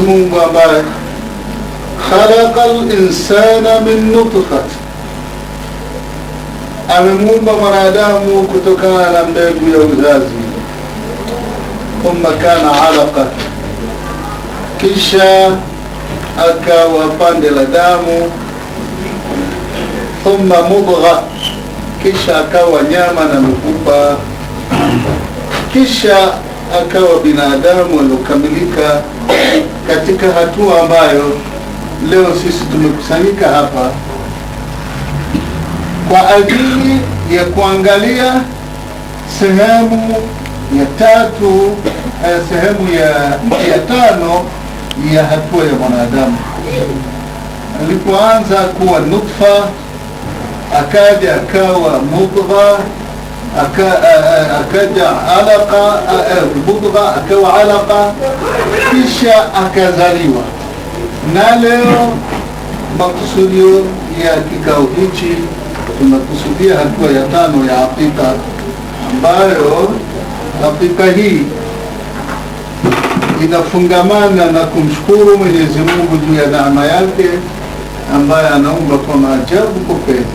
Mwenyezi Mungu ambaye khalaqal insana min nutfa, amemuumba mwanadamu kutokana na mbegu ya uzazi. Thumma kana alaqa, kisha akawa pande la damu. Thumma mudgha, kisha akawa nyama na mifupa, kisha akawa binadamu aliokamilika katika hatua ambayo leo sisi tumekusanyika hapa kwa ajili ya kuangalia sehemu ya tatu eh, sehemu ya ya tano ya hatua ya mwanadamu. Alipoanza kuwa nutfa, akaja akawa mudgha akaja alaqa budha akawa alaqa, kisha akazaliwa. Na leo makusudio ya kikao hichi tunakusudia hatua ya tano ya hakika, ambayo hakika hii inafungamana na kumshukuru Mwenyezi Mungu juu ya neema yake ambaye anaumba kwa maajabu. Kwa kweli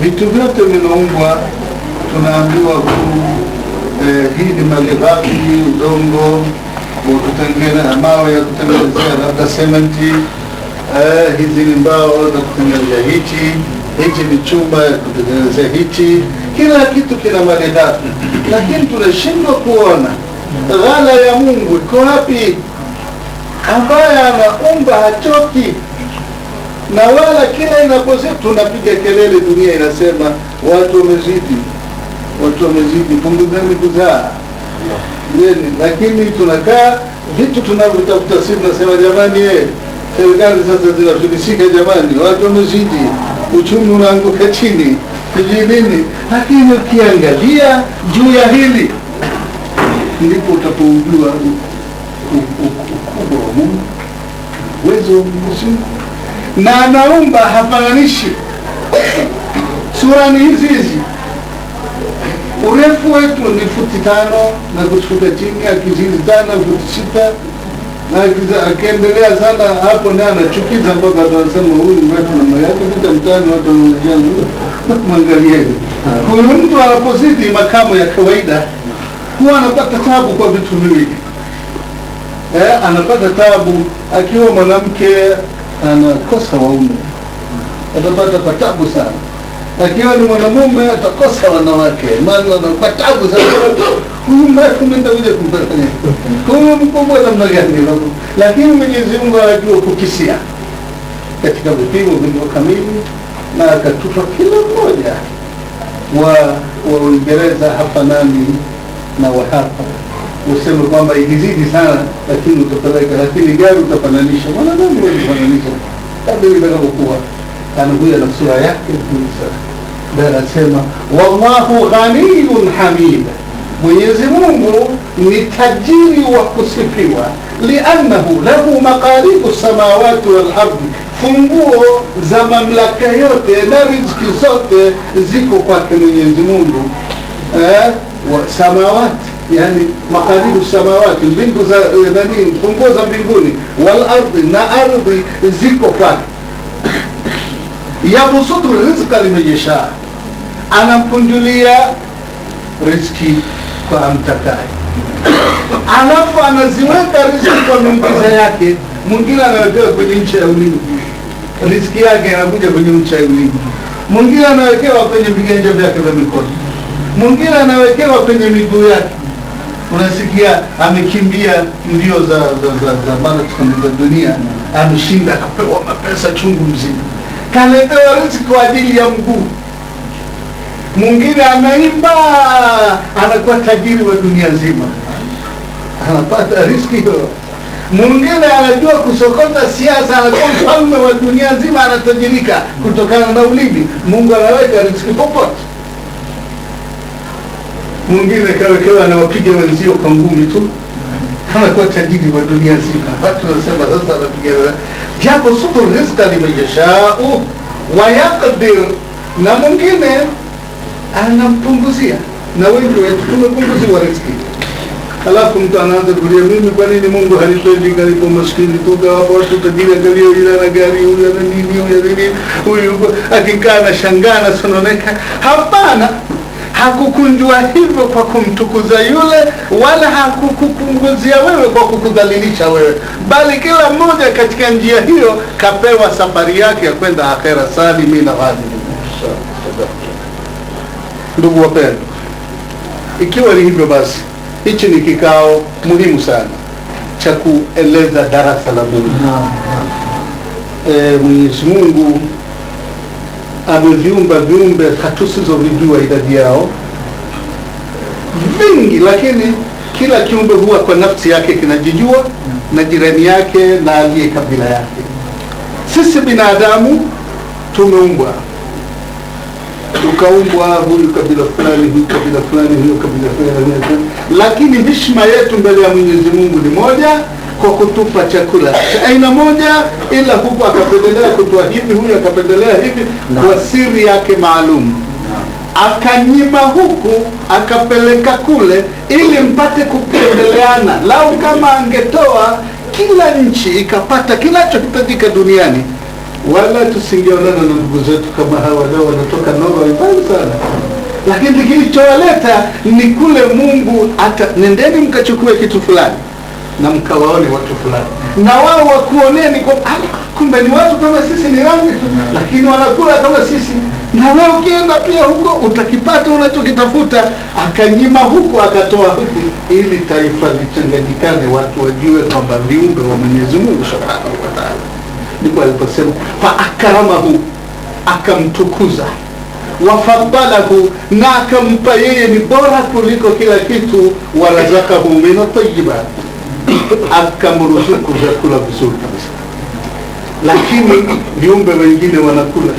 vitu vyote vinaumbwa tunaambiwa tu eh, hii ni malighafi, udongo wa eh, mawe ya kutengenezea labda sementi, eh, hizi ni mbao za kutengenezea hichi, hichi ni chumba ya kutengenezea hichi. Kila kitu kina malighafi, lakini tunashindwa kuona ghala ya Mungu iko wapi, ambaye anaumba hachoki na wala kila inapose tunapiga kelele, dunia inasema watu wamezidi watu wamezidi punguzeni kuzaa jeni, lakini tunakaa vitu tunavyotafuta si nasema jamani, eh, serikali sasa zinafilisika jamani, watu wamezidi, uchumi unaanguka chini, sijui nini. Lakini ukiangalia juu ya hili ndipo utapojua ukubwa wa Mungu, uwezo wa na anaumba hafananishi surani hizi hizi urefu wetu ni futi tano na kushuka chini, akizidi tano futi sita na akiendelea sana hapo, ndiye anachukiza mpaka atasema wanasema huyu mrefu na mayake kuta mtaani, watu wanajia mwangalieni. Huyu mtu anapozidi makamo ya kawaida huwa anapata tabu kwa vitu viwili. Eh, anapata tabu akiwa mwanamke anakosa waume, atapata patabu sana akiwa ni mwanamume atakosa wanawake, maana kwa tabu sana. Huyu kumfanya mkubwa namna gani? Lakini Mwenyezi Mungu anajua kukisia katika vipimo vilivyo kamili, na akatupa kila mmoja wa wa Uingereza hapa nani na wa hapa useme kwamba ikizidi sana, lakini utapeleka, lakini gari utafananisha mwanadamu, utafananisha kadri itakapokuwa anakuja na sura yake kabisa, ndio anasema wallahu ghaniyun hamid, Mwenyezi Mungu ni tajiri wa kusifiwa, liannahu lahu maqalibu samawati wal ardi, funguo za mamlaka yote na riziki zote ziko kwake Mwenyezi Mungu eh? samawati yani makaribu samawati mbingu za eh, nani, funguo za mbinguni, wal na ardhi ziko kwake Yabsutu rizqa liman yasha, anamkunjulia riziki kwa amtakai alafu anaziweka riski kwa miujiza yake. Mwingine anawekewa kwenye ncha ya ulingi riski yake anakuja kwenye ncha ya ulingi Mwingine anawekewa kwenye viganja vyake vya mikono, mwingine anawekewa kwenye miguu yake. Unasikia amekimbia mbio za za za za marathon za dunia, ameshinda, akapewa mapesa chungu mzima kaletewa riziki kwa ajili ya mguu. Mwingine anaimba anakuwa tajiri wa dunia nzima, anapata riski hiyo. Mwingine anajua kusokota siasa, anakuwa mfalme wa dunia nzima, anatajirika kutokana na ulimi. Mungu anaweka riski popote. Mwingine kawekewa anawapiga wenzio kwa ngumi tu kama kwa tajiri wa dunia nzima. Watu wanasema sasa anapigana japo suku rizqa liman yashau wa yaqdir, na mwingine anampunguzia, na wengi wetu tumepunguziwa riziki. Alafu mtu anaanza kulia, mimi kwa nini Mungu hanipendi kalipo maskini toka hapo? Watu tajiri angalia, ila na gari, huyu ana nini, huyu ana nini, huyu akikaa anashangaa, Hapana hakukunjua hivyo kwa kumtukuza yule, wala hakukupunguzia wewe kwa kukudhalilisha wewe, bali kila mmoja katika njia hiyo kapewa safari yake ya kwenda akhera. na ghanimi. Ndugu wapendo ikiwa ni hivyo basi, hichi ni kikao muhimu sana cha kueleza darasa la Mungu. E, Mwenyezi Mungu ameviumba viumbe hatusizovijua idadi yao vingi, lakini kila kiumbe huwa kwa nafsi yake kinajijua na jirani yake na aliye kabila yake. Sisi binadamu tumeumbwa, tukaumbwa huyu kabila fulani, huyu kabila fulani, huyu kabila fulani, lakini hishma yetu mbele ya Mwenyezi Mungu ni moja kwa kutupa chakula cha aina moja, ila huku akapendelea kutoa hivi, huyu akapendelea hivi kwa siri yake maalum akanyima huku akapeleka kule, ili mpate kupendeleana. Lau kama angetoa kila nchi ikapata kinachohitajika duniani, wala tusingeonana na ndugu zetu kama hawa. Leo wanatoka Norway mbali sana, lakini kilichowaleta ni kule Mungu. Hata nendeni mkachukue kitu fulani na mkawaone watu fulani na wao wakuoneni kwa ah, kumbe ni watu kama sisi ni rangi tu, lakini wanakula kama sisi. Na we ukienda pia huko utakipata unachokitafuta. Akanyima huku akatoa huku, ili taifa lichanganyikane, watu wajue kwamba viumbe wa Mwenyezi Mungu Subhanahu wa Ta'ala. Ndipo aliposema fa akramahu, akamtukuza wafadalahu na akampa yeye ni bora kuliko kila kitu, warazakahu min akamruhusu kula vizuri kabisa, lakini viumbe wengine wanakula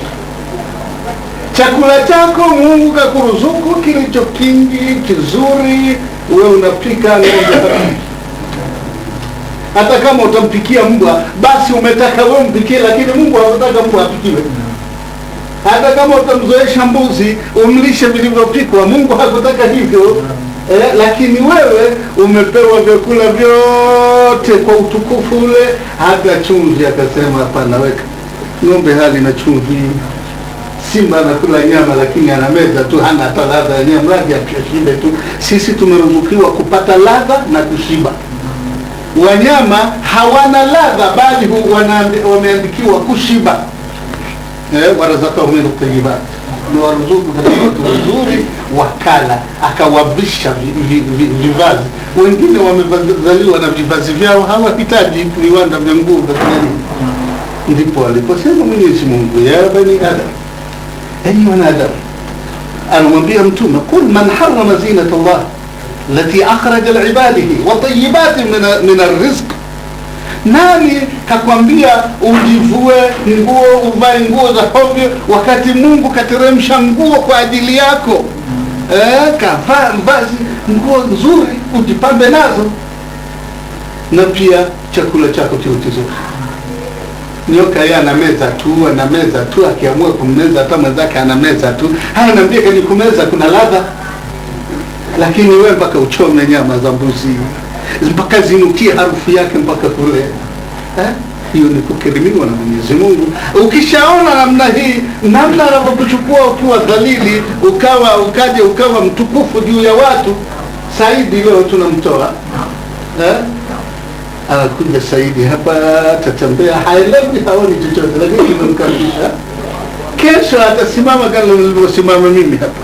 chakula chako. Mungu kakuruzuku kilicho kingi kizuri, uwe unapika Hata kama utampikia mbwa, basi umetaka we mpikie, lakini Mungu anataka mbwa apikiwe. Hata kama utamzoesha mbuzi umlishe vilivyopikwa, Mungu hakutaka hivyo eh, lakini wewe umepewa vyakula vyote kwa utukufu ule, hata chumvi. Akasema hapana, weka ng'ombe hali na chumvi. Simba anakula nyama lakini anameza tu, hana hata ladha ya nyama, mradi ashibe tu. Sisi tumeruzukiwa kupata ladha na kushiba. Wanyama hawana ladha, bali wameandikiwa kushiba eh, warazakahum min tayyibat wazuri wazuri wakala akawabisha vivazi wengine wamezaliwa na vivazi vyao hawahitaji viwanda vya nguo ndipo aliposema mwenyezi mungu ya bani adam enyi wanadamu anamwambia mtume qul man harama zinata llah التي أخرج لعباده وطيبات من من الرزق Nani kakwambia ujivue nguo uvae nguo za hovyo, wakati Mungu kateremsha nguo kwa ajili yako? E, kavaa mbazi nguo nzuri ujipambe nazo, na pia chakula chako kiwe kizuri. Nyoka ana meza tu meza tu, akiamua kummeza hata mwenzake meza tu. Haya, naambia kani kumeza kuna ladha, lakini wewe mpaka uchome nyama za mbuzi mpaka zinukie harufu yake mpaka kule Eh? hiyo ni kukirimiwa na Mwenyezi Mungu. Ukishaona namna hii, namna anavyokuchukua ukiwa dhalili, ukawa ukaje, ukawa mtukufu juu ya watu. Saidi leo tunamtoa eh? anakuja Saidi hapa, tatembea haelewi, haoni chochote, lakini imemkaribisha. Kesho atasimama kama nilivyosimama mimi hapa,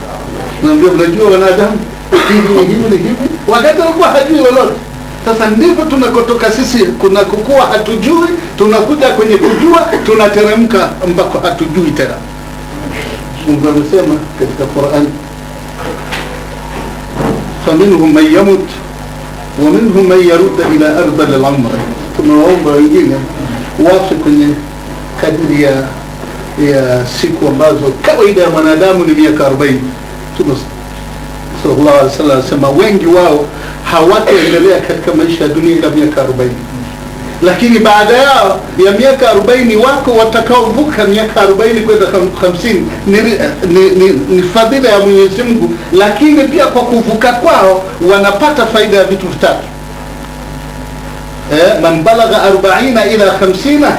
naambia wanadamu hivi hivi hivi, wakati alikuwa hajui lolote. Sasa ndivyo tunakotoka sisi, kukua hatujui, tunakuja kwenye kujua, tunateremka mpaka hatujui tena. Mungu amesema katika qurani faminhum man yamut wa minhum man yarud ila ardh al-amr. Tumewaomba wengine wafe kwenye kadiri ya ya siku ambazo kawaida ya mwanadamu ni miaka 40 tuna sallallahu alaihi wasallam anasema wengi wao hawataendelea katika maisha ya dunia ila miaka arobaini lakini baada yao ya miaka arobaini wako watakaovuka miaka arobaini kwenda hamsini ni, ni, ni, ni fadhila ya Mwenyezi Mungu, lakini pia kwa kuvuka kwao wanapata faida ya vitu vitatu. Eh, man balagha arbaina ila hamsina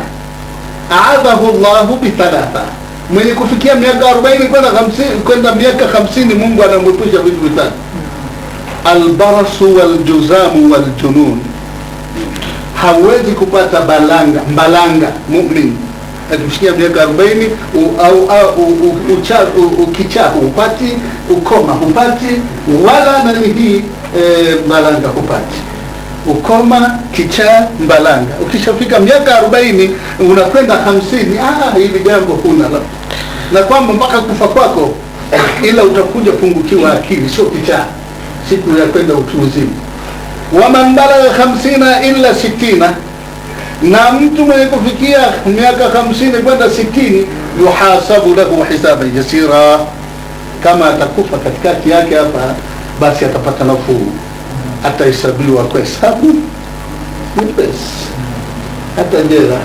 aadhahu llahu bithalatha mwenye kufikia miaka 40 kwenda kwenda miaka 50 Mungu anamwepusha vitu vitatu albarasu waljuzamu waljunun, hawezi kupata balanga mbalanga mumin akifikia miaka 40 au ukichaa upati ukoma hupati, wala nani hii e, balanga hupati Ukoma, kichaa, Mbalanga. Ukishafika miaka arobaini unakwenda hamsini, ah, hili jambo huna la na kwamba mpaka kufa kwako, ila utakuja pungukiwa akili, sio kichaa siku ya kwenda utu wa Waman balagha hamsina ila sitina, na mtu mwenye kufikia miaka hamsini kwenda sitini, yuhasabu lahu hisaba jasira, kama atakufa katikati yake hapa, basi atapata nafuu atahesabiwa kuhesabu ni pesa. Hata jela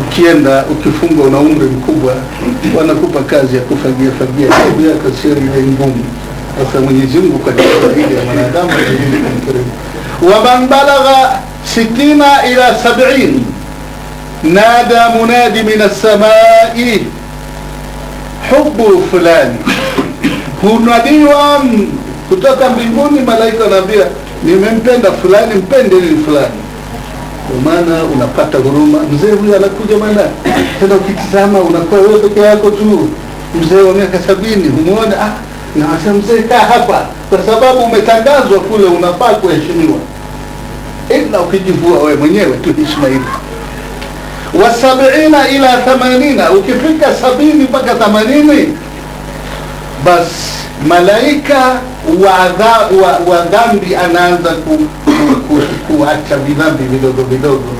ukienda ukifungwa na umri mkubwa, wanakupa kazi ya kufagia fagia hebu yako sio ile ngumu. Sasa Mwenyezi Mungu kwa ajili ya mwanadamu alimkirimu waman balagha sitina ila sabini nada munadi min alsamai hubu fulani hunadiwa kutoka mbinguni, malaika anaambia nimempenda fulani, mpendeni fulani. Kwa maana unapata huruma, mzee huyu anakuja maana Tena ukitizama unakuwa wewe peke yako tu, mzee wa miaka sabini, umeona ah, nawasa mzee, kaa hapa, kwa sababu umetangazwa kule, unafaa kuheshimiwa, ila ukijivua wewe mwenyewe tu heshima ile wa sabiina ila thamanina, ukifika sabini mpaka thamanini basi malaika wa dhambi anaanza kuacha vidhambi vidogo vidogo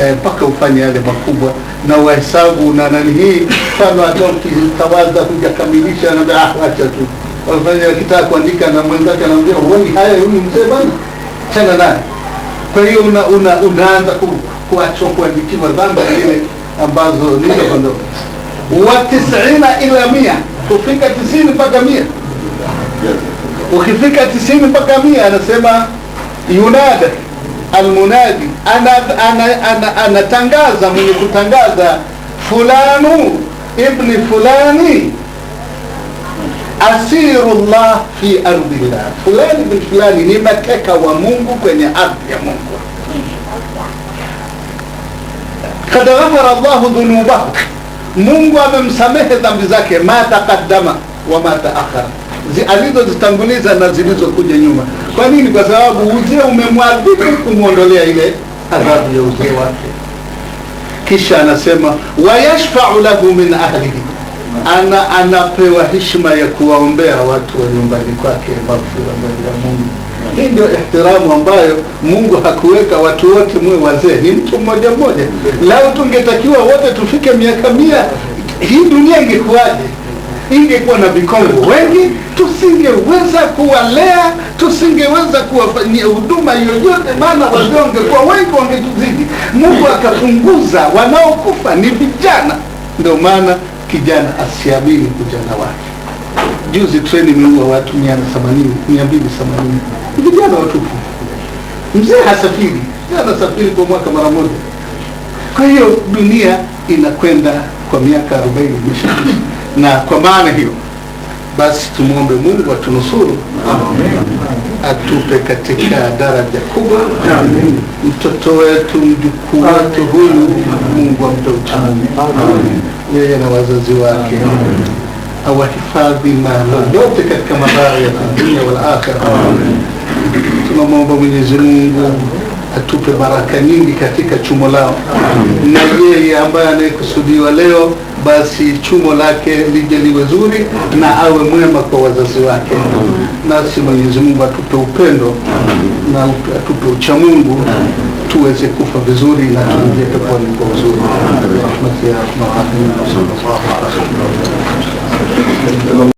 eh, mpaka eh, ufanye yale makubwa na uhesabu na nani hii. Mfano hata ukitawaza hujakamilisha, ah, acha tu wanafanya akitaka kuandika na mwenzake anamwambia huoni haya, huyu mzee bana, chana naye. Kwa hiyo una, una, unaanza ku, kuachwa kuandikiwa dhambi zile ambazo nizo wa tisina ila mia, kufika tisini mpaka mia ukifika tisini mpaka mia anasema yunada almunadi anatangaza ana, ana, ana mwenye kutangaza fulanu ibni fulani asirullah fi ardillah fulani ibn fulani ni mateka wa mungu kwenye ardhi ya mungu kad ghafara llahu dhunubak mungu amemsamehe dhambi zake ma taqaddama wa ma taakhara alizozitanguliza na zilizokuja nyuma. Kwa nini? Kwa sababu uzee umemwadhibu kumwondolea ile adhabu ya uzee wake. Kisha anasema wayashfau lahu min ahlihi, ana anapewa heshima ya kuwaombea watu wa nyumbani kwake maghfira mbele ya Mungu. Hii ndio ihtiramu ambayo Mungu hakuweka watu wote mwe wazee, ni mtu mmoja mmoja. Lao tungetakiwa wote tufike miaka mia, hii dunia ingekuwaje? Ingekuwa na vikongo wengi tusingeweza kuwalea, tusingeweza kuwafanyia huduma yoyote, maana wazee wangekuwa wengi, wangetuzidi. Mungu akapunguza, wanaokufa ni vijana. Ndio maana kijana asiamini ujana wake. Juzi treni imeua watu mia mia mbili vijana watupu. Mzee hasafiri, anasafiri kwa mwaka mara moja. Kwa hiyo dunia inakwenda kwa miaka arobaini imesha na kwa maana hiyo basi tumwombe Mungu atunusuru, atupe katika daraja kubwa Amen. Mtoto wetu mjukuu wetu huyu, Mungu ampe uchamungu yeye na wazazi wake, awahifadhi na yote katika mabaya ya dunia wal akhira. Tunamwomba Mwenyezi Mungu atupe baraka nyingi katika chumo lao, na yeye ambaye anayekusudiwa leo basi chumo lake lije liwe zuri na awe mwema kwa wazazi wake. Nasi Mwenyezi Mungu atupe upendo na atupe ucha Mungu tuweze kufa vizuri na turejee peponi kwa uzuri. rahmati